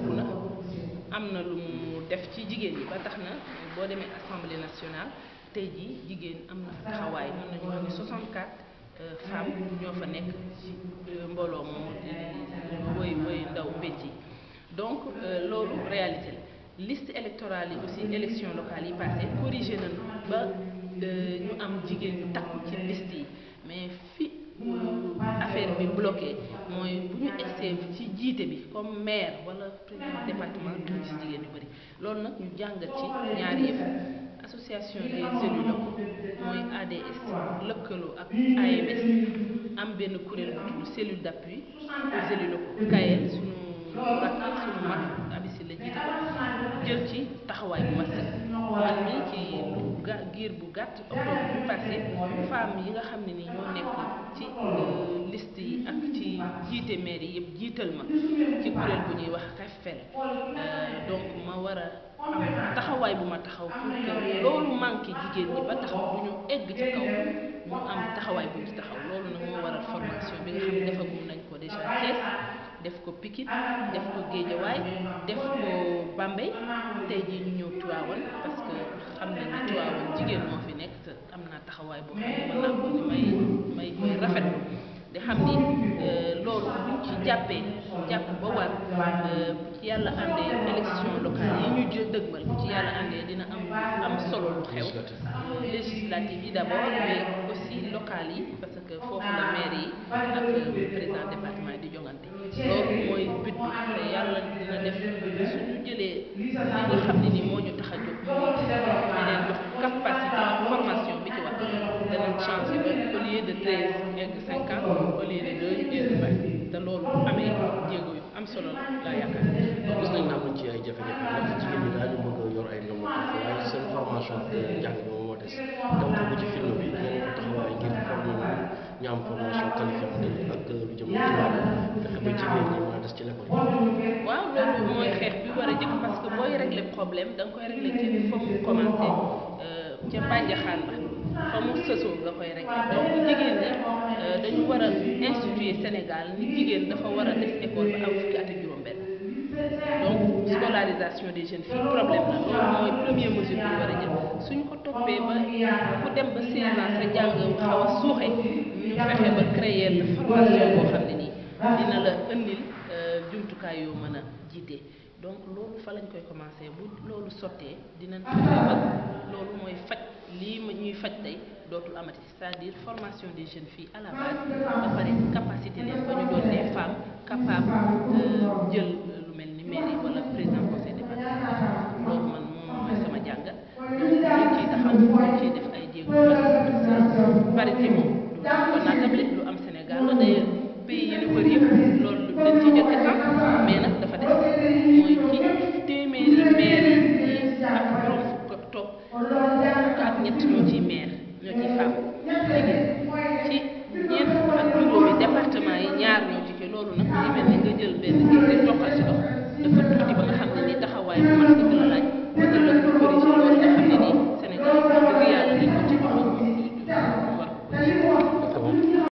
yóbbu na am na lu mu def ci jigéen ñi ba tax na boo demee assemblée nationale tey jii jigéen am na taxawaay mën nañu wax ne 64 euh, femmes ñoo fa nekk ci euh, mbooloo moomu di woy woy ndaw pénc donc euh, loolu réalité la liste électorale yi aussi élection locale yi passé corrigé nañu ba ñu am jigéen ñu takku ci liste yi mais bloqué mooy bu ñu egsee ci jiite bi comme maire wala président département duñ jigéen ñu bëri loolu nag ñu jàngat ci ñaari yëpp association des élus locaux mooy ADS lëkkaloo ak AMS am benn kuréel bu tudd cellule d'appui aux élus locaux kayel suñu rakk suñu mag abisi la jiite jël ci taxawaay bu mat man mi ci ga giir bu gàtt octobre bu passé femmes yi nga xam ne ni ñoo nekk ci euh, liste yi ak ci jiite maire yi jiital ma ci kuréel bu ñuy wax REFFEL euh, donc ma war taxawaay bu ma taxaw pour que loolu manqué jigéen ñi ba tax bu ñu def ko Pikine def ko Géejawaay def ko Bambey tey jii ñu ñëw Tivaouane parce que xam nañ ne Tivaouane jigéen moo fi nekk te am na taxawaay boo xam ne mën naa may may may rafet di xam ni euh, loolu ci jàppee jàpp ba war euh, bu ci yàlla àndee élection locale yi ñu jël dëgmal ci yàlla àndee dina am am solo lu xew législative yi d'abord mais aussi locale yi parce que foofu la maire yi ak président département yi di jongante loolu mooy but yàlla dina def suñu jëlee li nga xam ne ni moo ñu tax a jóg tey mu egg cinquante au loolu amee jéego am solo laa yaakaar. ci ay jafe-jafe ndax jigéen ñi daañu bëgg yor ay ndombo waaye seen formation a des ci l'école foofu commencé euh, ca bànjaxaan ba fa mu sësoo nga koy rek donc jigéen ñi euh, dañu war a Sénégal ni jigéen dafa war a ba am fukki at juróom-benn donc scolarisation des jeunes filles problème la loolu mooy première mesure bi war a jël suñ ko toppee ba ku dem ba seen sa jàng xaw a ñu fexe ba créer la formation boo xam ne dina la indil euh, jumtukaay yoo mën a jiite donc loolu fa lañ koy commencer bu loolu sottee dina. ñuy faj tey dootul amati cest à formation des jeunes fi à la base pare capacité leen ba ñu doon des femmes euh, jël lu mel ni mairie wala président conseil départemental loolu man moom mooy sama jàngat ñu ciy taxaw ñu ci loolu nag day mel ni nga jël benn kii rek toqal ci